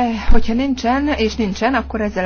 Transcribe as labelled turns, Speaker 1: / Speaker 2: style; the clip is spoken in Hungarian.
Speaker 1: Eh, hogyha nincsen, és nincsen, akkor ezzel